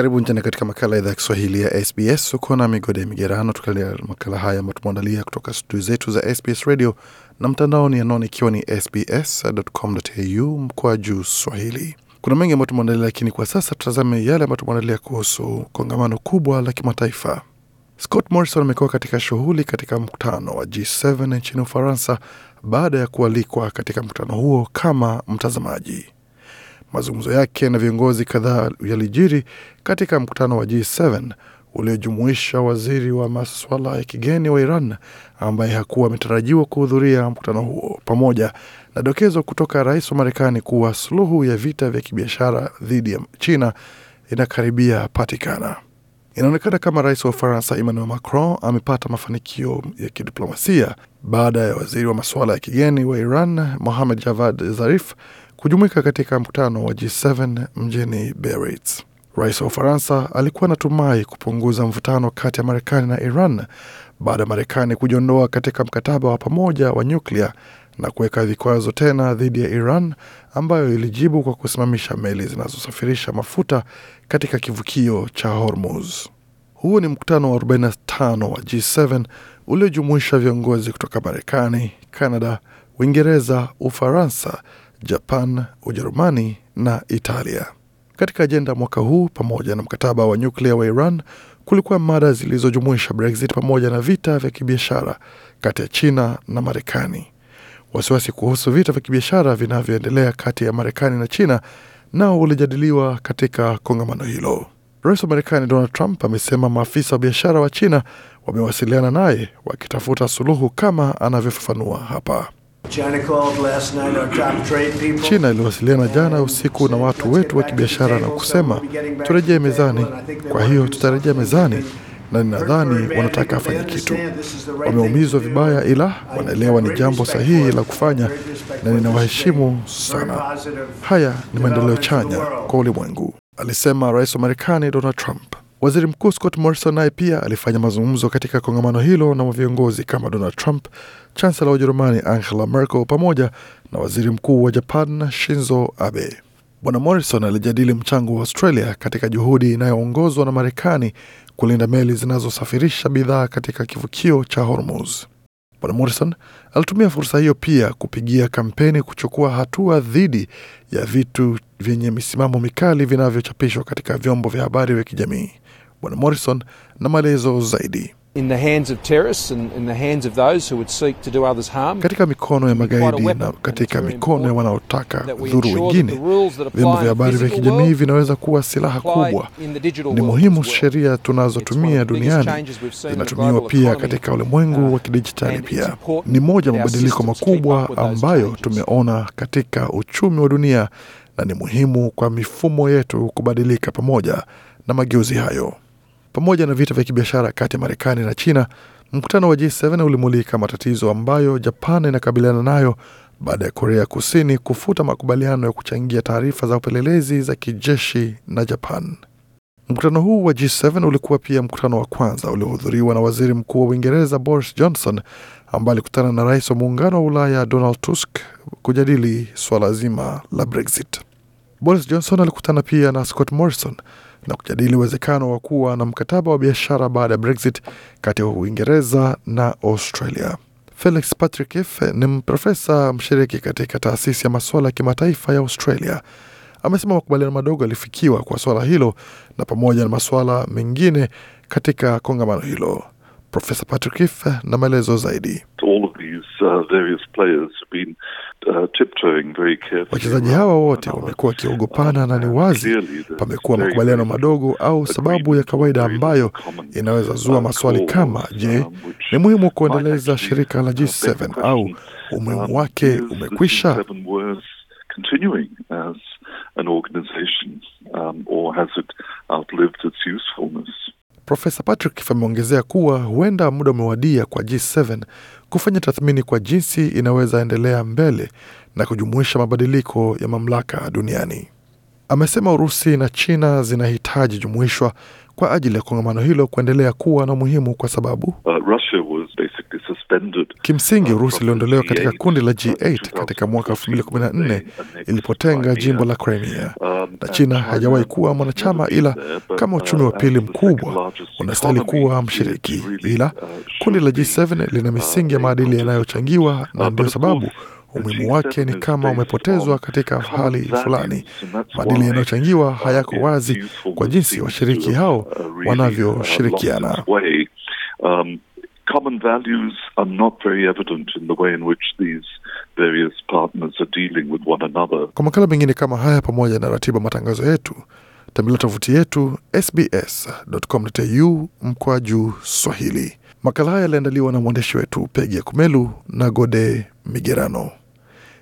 Karibu tena katika makala ya idhaa ya Kiswahili ya SBS. Uko na migode ya migerano, tukalia makala haya ambayo tumeandalia kutoka studio zetu za SBS radio na mtandaoni, anaoni ikiwa ni sbs.com.au mkwa juu Swahili. Kuna mengi ambayo tumeandalia, lakini kwa sasa tutazame yale ambayo tumeandalia kuhusu kongamano kubwa la kimataifa. Scott Morrison amekuwa katika shughuli katika mkutano wa G7 nchini Ufaransa baada ya kualikwa katika mkutano huo kama mtazamaji. Mazungumzo yake na viongozi kadhaa yalijiri katika mkutano wa G7 uliojumuisha waziri wa maswala ya kigeni wa Iran ambaye hakuwa ametarajiwa kuhudhuria mkutano huo, pamoja na dokezo kutoka rais wa Marekani kuwa suluhu ya vita vya kibiashara dhidi ya China inakaribia patikana. Inaonekana kama rais wa Ufaransa Emmanuel Macron amepata mafanikio ya kidiplomasia baada ya waziri wa masuala ya kigeni wa Iran Mohamed Javad Zarif kujumuika katika mkutano wa G7 mjini Biarritz. Rais wa Ufaransa alikuwa anatumai kupunguza mvutano kati ya Marekani na Iran baada ya Marekani kujiondoa katika mkataba wa pamoja wa nyuklia na kuweka vikwazo tena dhidi ya Iran ambayo ilijibu kwa kusimamisha meli zinazosafirisha mafuta katika kivukio cha Hormuz. Huu ni mkutano wa 45 wa G7 uliojumuisha viongozi kutoka Marekani, Kanada, Uingereza, Ufaransa Japan, Ujerumani na Italia. Katika ajenda mwaka huu, pamoja na mkataba wa nyuklia wa Iran, kulikuwa mada zilizojumuisha Brexit pamoja na vita vya kibiashara kati ya China na Marekani. Wasiwasi kuhusu vita vya kibiashara vinavyoendelea kati ya Marekani na China nao ulijadiliwa katika kongamano hilo. Rais wa Marekani Donald Trump amesema maafisa wa biashara wa China wamewasiliana naye wakitafuta suluhu, kama anavyofafanua hapa. China iliwasiliana jana usiku na watu wetu wa kibiashara na kusema turejee mezani. Kwa hiyo tutarejea mezani, na ninadhani wanataka afanye kitu. Wameumizwa vibaya, ila wanaelewa ni jambo sahihi la kufanya, na ninawaheshimu sana. Haya ni maendeleo chanya kwa ulimwengu, alisema rais wa Marekani Donald Trump. Waziri Mkuu Scott Morrison naye pia alifanya mazungumzo katika kongamano hilo na viongozi kama Donald Trump, chansela wa Ujerumani Angela Merkel pamoja na waziri mkuu wa Japan Shinzo Abe. Bwana Morrison alijadili mchango wa Australia katika juhudi inayoongozwa na Marekani kulinda meli zinazosafirisha bidhaa katika kivukio cha Hormuz. Bwana Morrison alitumia fursa hiyo pia kupigia kampeni kuchukua hatua dhidi ya vitu vyenye misimamo mikali vinavyochapishwa katika vyombo vya habari vya kijamii. Bwana Morrison na maelezo zaidi katika mikono ya magaidi na katika mikono ya wanaotaka dhuru wengine. Vyombo vya habari vya kijamii vinaweza kuwa silaha kubwa. Ni muhimu sheria tunazotumia duniani zinatumiwa pia katika ulimwengu wa kidijitali. Pia ni moja ya mabadiliko makubwa ambayo tumeona katika uchumi wa dunia, na ni muhimu kwa mifumo yetu kubadilika pamoja na mageuzi hayo pamoja na vita vya kibiashara kati ya Marekani na China, mkutano wa G7 ulimulika matatizo ambayo Japan inakabiliana nayo baada ya Korea Kusini kufuta makubaliano ya kuchangia taarifa za upelelezi za kijeshi na Japan. Mkutano huu wa G7 ulikuwa pia mkutano wa kwanza uliohudhuriwa na waziri mkuu wa Uingereza Boris Johnson, ambaye alikutana na rais wa muungano wa Ulaya Donald Tusk kujadili suala zima la Brexit. Boris Johnson alikutana pia na Scott Morrison na kujadili uwezekano wa kuwa na mkataba wa biashara baada ya Brexit kati ya Uingereza na Australia. Felix Patrick Heath ni mprofesa mshiriki katika taasisi ya masuala ya kimataifa ya Australia. Amesema makubaliano madogo yalifikiwa kwa suala hilo na pamoja na masuala mengine katika kongamano hilo. Profesa Patrick Heath na maelezo zaidi. All of these, uh, Uh, Wachezaji hawa wote wamekuwa wakiogopana na ni wazi pamekuwa makubaliano madogo au sababu ya kawaida ambayo inaweza zua maswali um, kama je, ni muhimu kuendeleza shirika la G7 au umuhimu wake umekwisha? Profesa Patrick ameongezea kuwa huenda muda umewadia kwa G7 kufanya tathmini kwa jinsi inaweza endelea mbele na kujumuisha mabadiliko ya mamlaka duniani amesema Urusi na China zinahitaji jumuishwa kwa ajili ya kongamano hilo kuendelea kuwa na umuhimu kwa sababu uh, uh Kimsingi Urusi iliondolewa katika kundi la G8 katika mwaka 2014 ilipotenga jimbo la Crimea, um, na China hajawahi kuwa mwanachama, ila uh, kama uchumi wa pili mkubwa unastahili kuwa mshiriki, ila uh, kundi la G7 lina misingi ya maadili yanayochangiwa, na ndio sababu umuhimu wake ni kama umepotezwa katika hali fulani. Maadili yanayochangiwa hayako wazi kwa jinsi washiriki hao wanavyoshirikiana. Um, common values are not very evident in the way in which these various partners are dealing with one another. Kwa makala mengine kama haya pamoja na ratiba matangazo yetu tembelea tovuti yetu sbs.com.au mkwa juu Swahili. Makala haya yaliandaliwa na mwandishi wetu Pegi ya Kumelu na Gode Migerano.